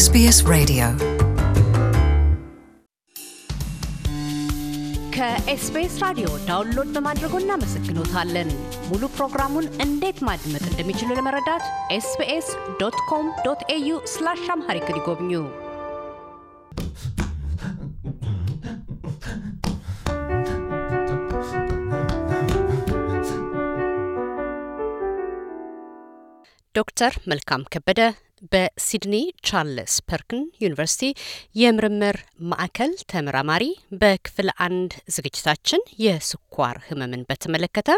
ኤስቢኤስ ሬዲዮ ከኤስቢኤስ ራዲዮ ዳውንሎድ በማድረጎ እናመሰግኖታለን። ሙሉ ፕሮግራሙን እንዴት ማድመጥ እንደሚችሉ ለመረዳት ኤስቢኤስ ዶት ኮም ዶት ኤዩ ስላሽ አምሃሪክ ይጎብኙ። ዶክተር መልካም ከበደ በሲድኒ ቻርልስ ፐርክን ዩኒቨርሲቲ የምርምር ማዕከል ተመራማሪ በክፍል አንድ ዝግጅታችን የስኳር ህመምን በተመለከተ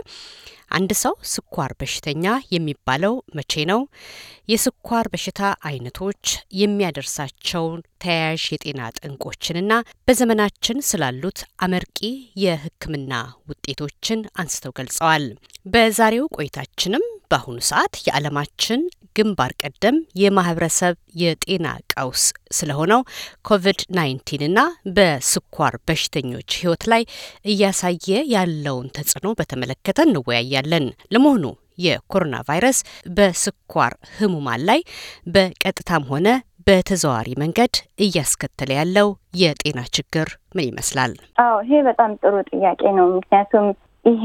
አንድ ሰው ስኳር በሽተኛ የሚባለው መቼ ነው? የስኳር በሽታ አይነቶች፣ የሚያደርሳቸው ተያያዥ የጤና ጠንቆችንና በዘመናችን ስላሉት አመርቂ የሕክምና ውጤቶችን አንስተው ገልጸዋል። በዛሬው ቆይታችንም በአሁኑ ሰዓት የዓለማችን ግንባር ቀደም የማህበረሰብ የጤና ቀውስ ስለሆነው ኮቪድ 19 እና በስኳር በሽተኞች ህይወት ላይ እያሳየ ያለውን ተጽዕኖ በተመለከተ እንወያያለን። ለመሆኑ የኮሮና ቫይረስ በስኳር ህሙማን ላይ በቀጥታም ሆነ በተዘዋዋሪ መንገድ እያስከተለ ያለው የጤና ችግር ምን ይመስላል? አዎ ይሄ በጣም ጥሩ ጥያቄ ነው። ምክንያቱም ይሄ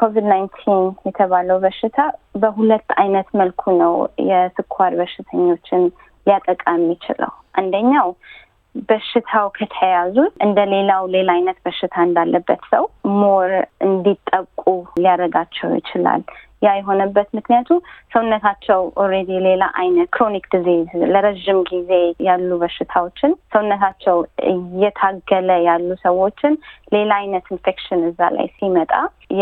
ኮቪድ ናይንቲን የተባለው በሽታ በሁለት አይነት መልኩ ነው የስኳር በሽተኞችን ሊያጠቃ የሚችለው። አንደኛው በሽታው ከተያዙ እንደ ሌላው ሌላ አይነት በሽታ እንዳለበት ሰው ሞር እንዲጠቁ ሊያደርጋቸው ይችላል። ያ የሆነበት ምክንያቱ ሰውነታቸው ኦሬዲ ሌላ አይነት ክሮኒክ ዲዚዝ ለረዥም ጊዜ ያሉ በሽታዎችን ሰውነታቸው እየታገለ ያሉ ሰዎችን ሌላ አይነት ኢንፌክሽን እዛ ላይ ሲመጣ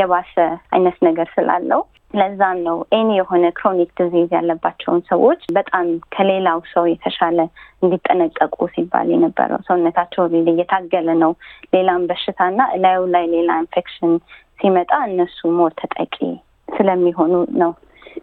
የባሰ አይነት ነገር ስላለው ለዛም ነው ኤኒ የሆነ ክሮኒክ ዲዚዝ ያለባቸውን ሰዎች በጣም ከሌላው ሰው የተሻለ እንዲጠነቀቁ ሲባል የነበረው። ሰውነታቸው እየታገለ ነው ሌላም በሽታና እላዩ ላይ ሌላ ኢንፌክሽን ሲመጣ እነሱ ሞር ተጠቂ ስለሚሆኑ ነው።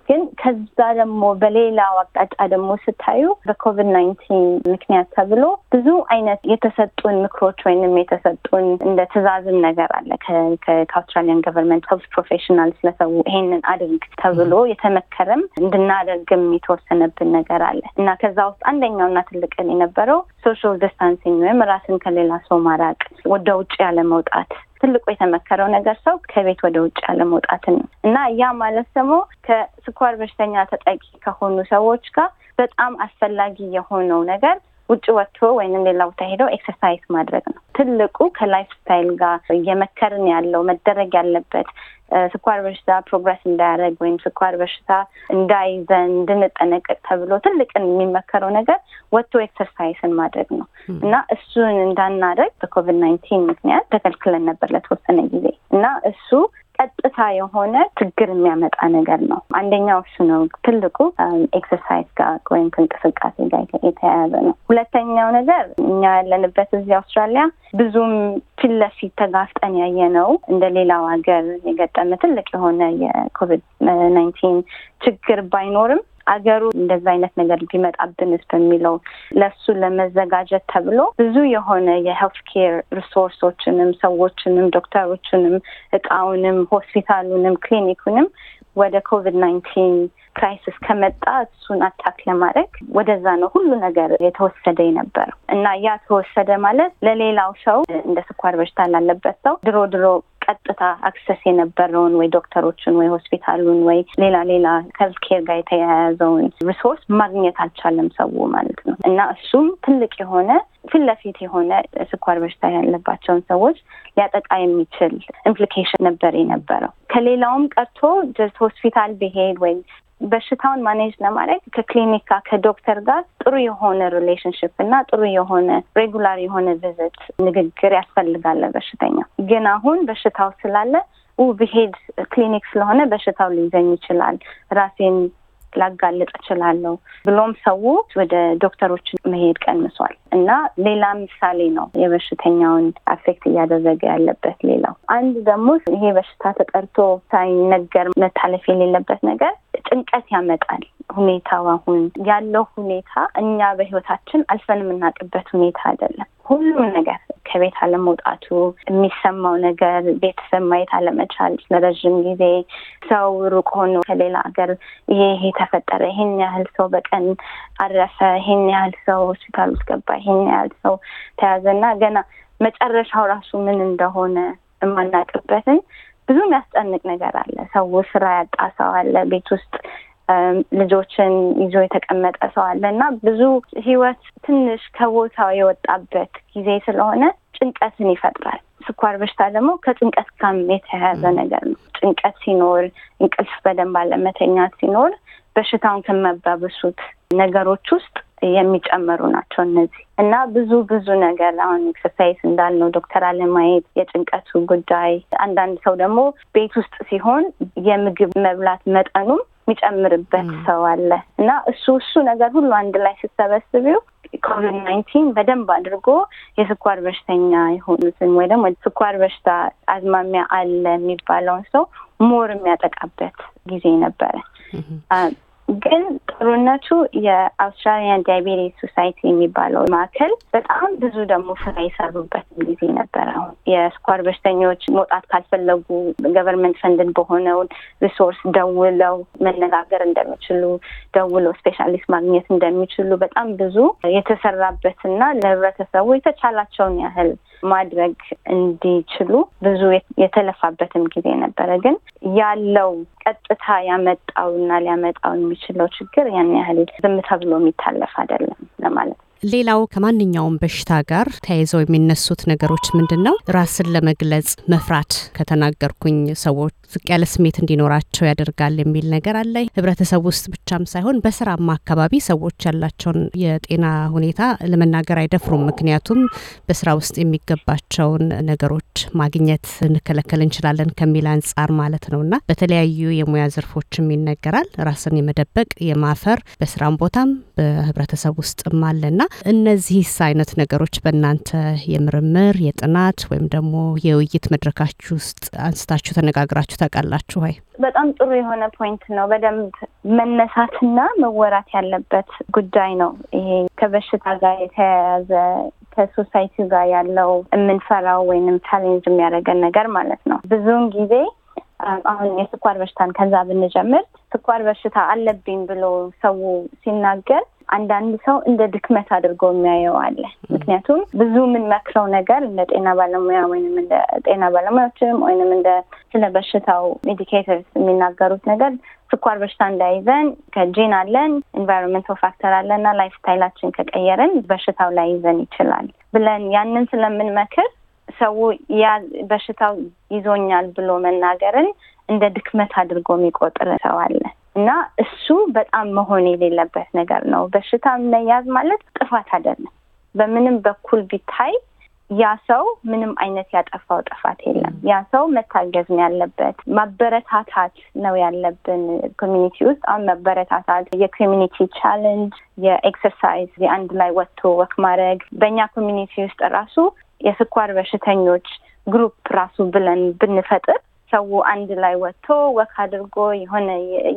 ግን ከዛ ደግሞ በሌላ አቅጣጫ ደግሞ ስታዩ በኮቪድ ናይንቲን ምክንያት ተብሎ ብዙ አይነት የተሰጡን ምክሮች ወይንም የተሰጡን እንደ ትዕዛዝም ነገር አለ ከአውስትራሊያን ገቨርንመንት ሄልት ፕሮፌሽናል ስለሰው ይሄንን አድርግ ተብሎ የተመከረም እንድናደርግም የተወሰነብን ነገር አለ እና ከዛ ውስጥ አንደኛው እና ትልቅን የነበረው ሶሻል ዲስታንሲንግ ወይም ራስን ከሌላ ሰው ማራቅ ወደ ውጭ ያለ መውጣት ትልቁ የተመከረው ነገር ሰው ከቤት ወደ ውጭ አለመውጣትን ነው እና ያ ማለት ደግሞ ከስኳር በሽተኛ ተጠቂ ከሆኑ ሰዎች ጋር በጣም አስፈላጊ የሆነው ነገር ውጭ ወጥቶ ወይንም ሌላ ቦታ ሄደው ኤክሰርሳይዝ ማድረግ ነው። ትልቁ ከላይፍ ስታይል ጋር እየመከርን ያለው መደረግ ያለበት ስኳር በሽታ ፕሮግረስ እንዳያደረግ ወይም ስኳር በሽታ እንዳይዘን እንድንጠነቀቅ ተብሎ ትልቅን የሚመከረው ነገር ወጥቶ ኤክሰርሳይስን ማድረግ ነው እና እሱን እንዳናደርግ በኮቪድ ናይንቲን ምክንያት ተከልክለን ነበር ለተወሰነ ጊዜ እና እሱ ቀጥታ የሆነ ችግር የሚያመጣ ነገር ነው። አንደኛው እሱ ነው ትልቁ ኤክሰርሳይዝ ጋር ወይም ከእንቅስቃሴ ጋር የተያያዘ ነው። ሁለተኛው ነገር እኛ ያለንበት እዚህ አውስትራሊያ ብዙም ፊት ለፊት ተጋፍጠን ነው እንደ ሌላው ሀገር የገጠመ ትልቅ የሆነ የኮቪድ ናይንቲን ችግር ባይኖርም አገሩ እንደዛ አይነት ነገር ቢመጣብንስ በሚለው ለሱ ለመዘጋጀት ተብሎ ብዙ የሆነ የሄልት ኬር ሪሶርሶችንም ሰዎችንም ዶክተሮችንም እቃውንም ሆስፒታሉንም ክሊኒኩንም ወደ ኮቪድ ናይንቲን ክራይሲስ ከመጣ እሱን አታክ ለማድረግ ወደዛ ነው ሁሉ ነገር የተወሰደ የነበረው እና ያ ተወሰደ ማለት ለሌላው ሰው እንደ ስኳር በሽታ ላለበት ሰው ድሮ ድሮ ቀጥታ አክሰስ የነበረውን ወይ ዶክተሮችን ወይ ሆስፒታሉን ወይ ሌላ ሌላ ሄልት ኬር ጋር የተያያዘውን ሪሶርስ ማግኘት አልቻለም ሰው ማለት ነው እና እሱም ትልቅ የሆነ ፊት ለፊት የሆነ ስኳር በሽታ ያለባቸውን ሰዎች ሊያጠቃ የሚችል ኢምፕሊኬሽን ነበር የነበረው። ከሌላውም ቀርቶ ጀስት ሆስፒታል ብሄድ ወይም በሽታውን ማኔጅ ለማድረግ ከክሊኒካ ከዶክተር ጋር ጥሩ የሆነ ሪሌሽንሽፕ እና ጥሩ የሆነ ሬጉላር የሆነ ቪዝት ንግግር ያስፈልጋል። በሽተኛ ግን አሁን በሽታው ስላለ ብሄድ ክሊኒክ ስለሆነ በሽታው ሊይዘኝ ይችላል ራሴን ላጋልጥ እችላለሁ ብሎም ሰዎች ወደ ዶክተሮች መሄድ ቀንሷል እና ሌላ ምሳሌ ነው የበሽተኛውን አፌክት እያደረገ ያለበት። ሌላው አንድ ደግሞ ይሄ በሽታ ተጠርቶ ሳይነገር መታለፍ የሌለበት ነገር ጭንቀት ያመጣል። ሁኔታው አሁን ያለው ሁኔታ እኛ በህይወታችን አልፈን የምናውቅበት ሁኔታ አይደለም። ሁሉም ነገር ከቤት አለመውጣቱ፣ የሚሰማው ነገር፣ ቤተሰብ ማየት አለመቻል ለረዥም ጊዜ ሰው ሩቅ ሆኖ ከሌላ ሀገር ይሄ ይሄ ተፈጠረ፣ ይሄን ያህል ሰው በቀን አረፈ፣ ይሄን ያህል ሰው ሆስፒታል ውስጥ ገባ፣ ይሄን ያህል ሰው ተያዘ ተያዘና ገና መጨረሻው ራሱ ምን እንደሆነ የማናውቅበትን ብዙ የሚያስጨንቅ ነገር አለ። ሰው ስራ ያጣ ሰው አለ። ቤት ውስጥ ልጆችን ይዞ የተቀመጠ ሰው አለ እና ብዙ ህይወት ትንሽ ከቦታው የወጣበት ጊዜ ስለሆነ ጭንቀትን ይፈጥራል። ስኳር በሽታ ደግሞ ከጭንቀት ጋር የተያያዘ ነገር ነው። ጭንቀት ሲኖር፣ እንቅልፍ በደንብ አለመተኛት ሲኖር በሽታውን ከሚያባብሱት ነገሮች ውስጥ የሚጨመሩ ናቸው እነዚህ እና ብዙ ብዙ ነገር አሁን ኤክሰርሳይዝ እንዳልነው ዶክተር አለማየት የጭንቀቱ ጉዳይ፣ አንዳንድ ሰው ደግሞ ቤት ውስጥ ሲሆን የምግብ መብላት መጠኑም የሚጨምርበት ሰው አለ እና እሱ እሱ ነገር ሁሉ አንድ ላይ ስትሰበስቢው ኮቪድ ናይንቲን በደንብ አድርጎ የስኳር በሽተኛ የሆኑትን ወይ ደግሞ ስኳር በሽታ አዝማሚያ አለ የሚባለውን ሰው ሞር የሚያጠቃበት ጊዜ ነበረ። ግን ጥሩነቱ የአውስትራሊያን ዳያቤቴስ ሶሳይቲ የሚባለው ማዕከል በጣም ብዙ ደግሞ ስራ የሰሩበት ጊዜ ነበረ። የስኳር በሽተኞች መውጣት ካልፈለጉ ገቨርንመንት ፈንድን በሆነው ሪሶርስ ደውለው መነጋገር እንደሚችሉ ደውለው ስፔሻሊስት ማግኘት እንደሚችሉ በጣም ብዙ የተሰራበትና ለህብረተሰቡ የተቻላቸውን ያህል ማድረግ እንዲችሉ ብዙ የተለፋበትም ጊዜ ነበረ። ግን ያለው ቀጥታ ያመጣውና ሊያመጣው የሚችለው ችግር ያን ያህል ዝም ተብሎ የሚታለፍ አይደለም ለማለት ነው። ሌላው ከማንኛውም በሽታ ጋር ተያይዘው የሚነሱት ነገሮች ምንድን ነው? ራስን ለመግለጽ መፍራት ከተናገርኩኝ ሰዎች ዝቅ ያለ ስሜት እንዲኖራቸው ያደርጋል የሚል ነገር አለ። ህብረተሰብ ውስጥ ብቻም ሳይሆን በስራማ አካባቢ ሰዎች ያላቸውን የጤና ሁኔታ ለመናገር አይደፍሩም። ምክንያቱም በስራ ውስጥ የሚገባቸውን ነገሮች ማግኘት እንከለከል እንችላለን ከሚል አንጻር ማለት ነው እና በተለያዩ የሙያ ዘርፎችም ይነገራል። ራስን የመደበቅ የማፈር በስራም ቦታም በህብረተሰብ ውስጥም አለና እነዚህ አይነት ነገሮች በእናንተ የምርምር የጥናት ወይም ደግሞ የውይይት መድረካችሁ ውስጥ አንስታችሁ ተነጋግራችሁ ታውቃላችሁ ወይ? በጣም ጥሩ የሆነ ፖይንት ነው። በደንብ መነሳትና መወራት ያለበት ጉዳይ ነው። ይሄ ከበሽታ ጋር የተያያዘ ከሶሳይቲ ጋር ያለው የምንፈራው ወይንም ቻሌንጅ የሚያደርገን ነገር ማለት ነው። ብዙውን ጊዜ አሁን የስኳር በሽታን ከዛ ብንጀምር ስኳር በሽታ አለብኝ ብሎ ሰው ሲናገር አንዳንድ ሰው እንደ ድክመት አድርጎ የሚያየው አለ። ምክንያቱም ብዙ የምንመክረው ነገር እንደ ጤና ባለሙያ ወይም እንደ ጤና ባለሙያዎችም ወይንም እንደ ስለ በሽታው ሜዲኬተርስ የሚናገሩት ነገር ስኳር በሽታ እንዳይዘን ከጂን አለን፣ ኢንቫይሮንመንታል ፋክተር አለና ላይፍ ስታይላችን ከቀየርን በሽታው ላይ ይዘን ይችላል ብለን ያንን ስለምንመክር ሰው ያ በሽታው ይዞኛል ብሎ መናገርን እንደ ድክመት አድርጎ የሚቆጥር ሰው አለ። እና እሱ በጣም መሆን የሌለበት ነገር ነው። በሽታ መያዝ ማለት ጥፋት አይደለም። በምንም በኩል ቢታይ ያ ሰው ምንም አይነት ያጠፋው ጥፋት የለም። ያ ሰው መታገዝ ነው ያለበት። ማበረታታት ነው ያለብን። ኮሚኒቲ ውስጥ አሁን መበረታታት፣ የኮሚኒቲ ቻለንጅ፣ የኤክሰርሳይዝ፣ የአንድ ላይ ወጥቶ ወክ ማድረግ በእኛ ኮሚኒቲ ውስጥ ራሱ የስኳር በሽተኞች ግሩፕ ራሱ ብለን ብንፈጥር ሰው አንድ ላይ ወጥቶ ወክ አድርጎ የሆነ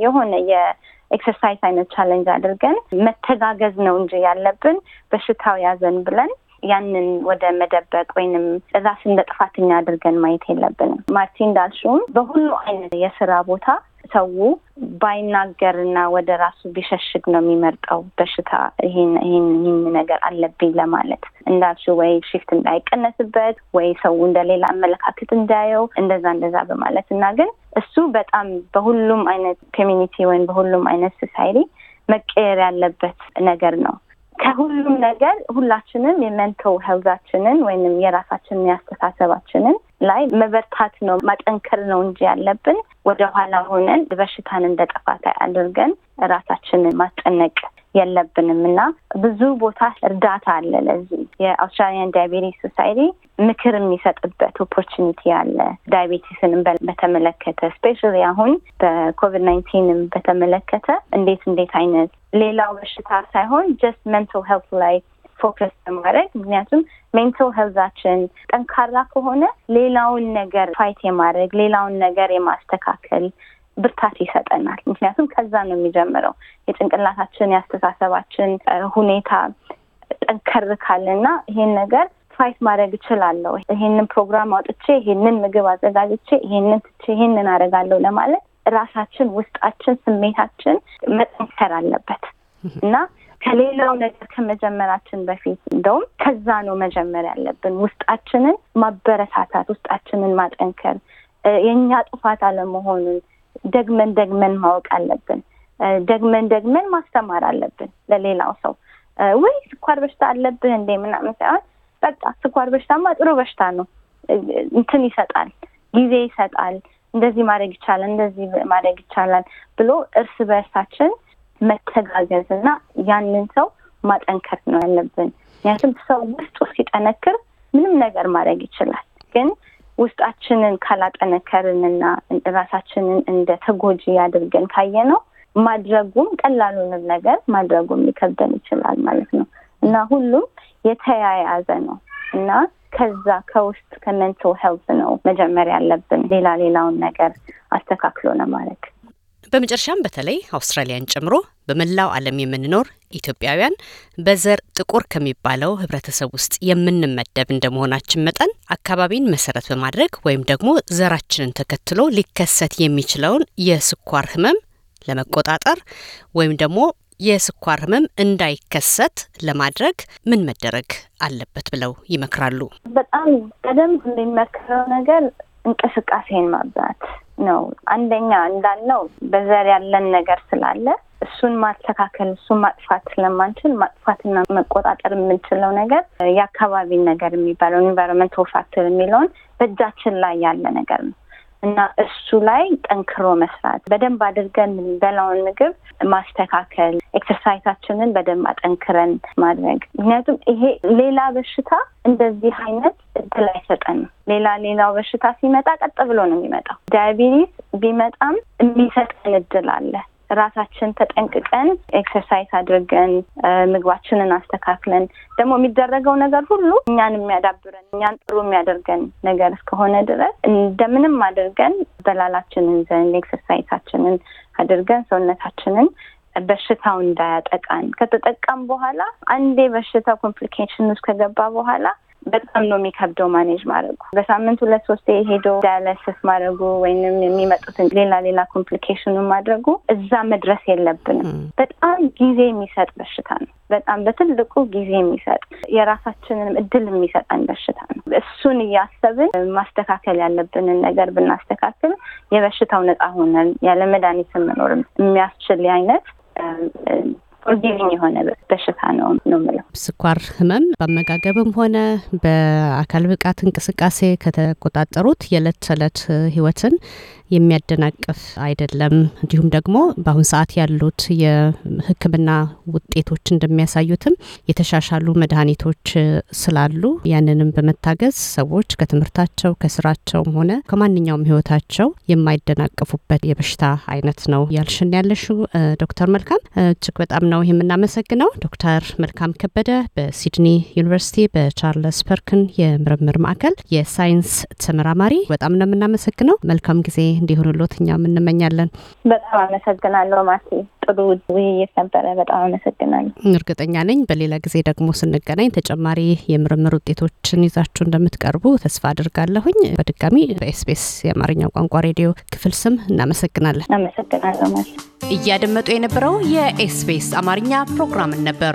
የሆነ የኤክሰርሳይዝ አይነት ቻለንጅ አድርገን መተጋገዝ ነው እንጂ ያለብን በሽታው ያዘን ብለን ያንን ወደ መደበቅ ወይንም ራስ እንደ ጥፋተኛ አድርገን ማየት የለብንም። ማርቲን እንዳልሽውም በሁሉ አይነት የስራ ቦታ ሰው ባይናገርና ወደ ራሱ ቢሸሽግ ነው የሚመርጠው በሽታ ይሄን ይህን ነገር አለብኝ ለማለት እንዳልሽው ወይ ሽፍት እንዳይቀነስበት ወይ ሰው እንደሌላ አመለካከት እንዳየው እንደዛ እንደዛ በማለት እና ግን እሱ በጣም በሁሉም አይነት ኮሚኒቲ ወይም በሁሉም አይነት ሶሳይቲ መቀየር ያለበት ነገር ነው። ከሁሉም ነገር ሁላችንም የመንተው ሄልዛችንን ወይም የራሳችንን የአስተሳሰባችንን ላይ መበርታት ነው ማጠንከር ነው እንጂ ያለብን ወደኋላ ሆነን በሽታን እንደ አድርገን ራሳችንን ማስጨነቅ የለብንም እና ብዙ ቦታ እርዳታ አለ። ለዚህ የአውስትራሊያን ዳያቤቲስ ሶሳይቲ ምክር የሚሰጥበት ኦፖርቹኒቲ አለ። ዳያቤቲስን በተመለከተ ስፔሻሊ አሁን በኮቪድ ናይንቲንም በተመለከተ እንዴት እንዴት አይነት ሌላው በሽታ ሳይሆን ጀስት ሜንታል ሄልት ላይ ፎከስ በማድረግ ምክንያቱም ሜንታል ሄልዛችን ጠንካራ ከሆነ ሌላውን ነገር ፋይት የማድረግ ሌላውን ነገር የማስተካከል ብርታት ይሰጠናል። ምክንያቱም ከዛ ነው የሚጀምረው የጭንቅላታችን የአስተሳሰባችን ሁኔታ ጠንከር ካልና ይሄን ነገር ፋይት ማድረግ እችላለሁ፣ ይሄንን ፕሮግራም አውጥቼ፣ ይሄንን ምግብ አዘጋጅቼ፣ ይሄንን ትቼ፣ ይሄንን አደርጋለሁ ለማለት ራሳችን፣ ውስጣችን፣ ስሜታችን መጠንከር አለበት እና ከሌላው ነገር ከመጀመራችን በፊት እንደውም ከዛ ነው መጀመር ያለብን። ውስጣችንን ማበረታታት፣ ውስጣችንን ማጠንከር፣ የእኛ ጥፋት አለመሆኑን ደግመን ደግመን ማወቅ አለብን። ደግመን ደግመን ማስተማር አለብን ለሌላው ሰው። ወይ ስኳር በሽታ አለብህ እንደ ምናምን ሳይሆን በቃ ስኳር በሽታማ ጥሩ በሽታ ነው፣ እንትን ይሰጣል፣ ጊዜ ይሰጣል፣ እንደዚህ ማድረግ ይቻላል፣ እንደዚህ ማድረግ ይቻላል ብሎ እርስ በእርሳችን መተጋገዝ እና ያንን ሰው ማጠንከር ነው ያለብን። ምክንያቱም ሰው ውስጡ ሲጠነክር ምንም ነገር ማድረግ ይችላል ግን ውስጣችንን ካላጠነከርንና ራሳችንን እንደ ተጎጂ አድርገን ካየ ነው ማድረጉም ቀላሉንም ነገር ማድረጉም ሊከብደን ይችላል ማለት ነው እና ሁሉም የተያያዘ ነው እና ከዛ ከውስጥ ከሜንታል ሄልት ነው መጀመሪያ ያለብን ሌላ ሌላውን ነገር አስተካክሎ ነ። ማለት በመጨረሻም በተለይ አውስትራሊያን ጨምሮ በመላው ዓለም የምንኖር ኢትዮጵያውያን በዘር ጥቁር ከሚባለው ህብረተሰብ ውስጥ የምንመደብ እንደመሆናችን መጠን አካባቢን መሰረት በማድረግ ወይም ደግሞ ዘራችንን ተከትሎ ሊከሰት የሚችለውን የስኳር ህመም ለመቆጣጠር ወይም ደግሞ የስኳር ህመም እንዳይከሰት ለማድረግ ምን መደረግ አለበት ብለው ይመክራሉ? በጣም ቀደም እንደሚመክረው ነገር እንቅስቃሴን ማብዛት ነው። አንደኛ እንዳልነው በዘር ያለን ነገር ስላለ እሱን ማስተካከል እሱን ማጥፋት ስለማንችል ማጥፋትና መቆጣጠር የምንችለው ነገር የአካባቢን ነገር የሚባለው ኢንቫይሮንመንታል ፋክተር የሚለውን በእጃችን ላይ ያለ ነገር ነው። እና እሱ ላይ ጠንክሮ መስራት፣ በደንብ አድርገን የምንበላውን ምግብ ማስተካከል፣ ኤክሰርሳይዛችንን በደንብ አጠንክረን ማድረግ። ምክንያቱም ይሄ ሌላ በሽታ እንደዚህ አይነት እድል አይሰጠንም። ሌላ ሌላው በሽታ ሲመጣ ቀጥ ብሎ ነው የሚመጣው። ዳያቤቲስ ቢመጣም የሚሰጠን እድል አለ። ራሳችን ተጠንቅቀን ኤክሰርሳይዝ አድርገን ምግባችንን አስተካክለን ደግሞ የሚደረገው ነገር ሁሉ እኛን የሚያዳብረን እኛን ጥሩ የሚያደርገን ነገር እስከሆነ ድረስ እንደምንም አድርገን በላላችንን ዘንድ ኤክሰርሳይዛችንን አድርገን ሰውነታችንን በሽታው እንዳያጠቃን ከተጠቃም በኋላ አንዴ በሽታው ኮምፕሊኬሽን ውስጥ ከገባ በኋላ በጣም ነው የሚከብደው ማኔጅ ማድረጉ። በሳምንት ሁለት ሶስት ሄዶ ዳያላይሲስ ማድረጉ ወይንም የሚመጡትን ሌላ ሌላ ኮምፕሊኬሽኑ ማድረጉ እዛ መድረስ የለብንም። በጣም ጊዜ የሚሰጥ በሽታ ነው። በጣም በትልቁ ጊዜ የሚሰጥ የራሳችንንም እድል የሚሰጠን በሽታ ነው። እሱን እያሰብን ማስተካከል ያለብንን ነገር ብናስተካክል የበሽታው ነፃ ሆነን ያለ መድኃኒት መኖር የሚያስችል አይነት ፎርጊቪንግ የሆነ በሽታ ነው ነው ስኳር ህመም በአመጋገብም ሆነ በአካል ብቃት እንቅስቃሴ ከተቆጣጠሩት የዕለት ተዕለት ህይወትን የሚያደናቅፍ አይደለም። እንዲሁም ደግሞ በአሁን ሰዓት ያሉት የሕክምና ውጤቶች እንደሚያሳዩትም የተሻሻሉ መድኃኒቶች ስላሉ ያንንም በመታገዝ ሰዎች ከትምህርታቸው ከስራቸውም ሆነ ከማንኛውም ህይወታቸው የማይደናቀፉበት የበሽታ አይነት ነው ያልሽን ያለሽው ዶክተር መልካም እጅግ በጣም ነው የምናመሰግነው ዶክተር መልካም ከበደ በሲድኒ ዩኒቨርሲቲ በቻርለስ ፐርክን የምርምር ማዕከል የሳይንስ ተመራማሪ። በጣም ነው የምናመሰግነው። መልካም ጊዜ እንዲሆንሎት እኛም እንመኛለን። በጣም አመሰግናለሁ ማርቲ። ጥሩ ውይይት ነበረ። በጣም አመሰግናለሁ። እርግጠኛ ነኝ በሌላ ጊዜ ደግሞ ስንገናኝ ተጨማሪ የምርምር ውጤቶችን ይዛችሁ እንደምትቀርቡ ተስፋ አድርጋለሁኝ። በድጋሚ በኤስቢኤስ የአማርኛ ቋንቋ ሬዲዮ ክፍል ስም እናመሰግናለን። አመሰግናለሁ። እያደመጡ የነበረው የኤስቢኤስ አማርኛ ፕሮግራምን ነበር።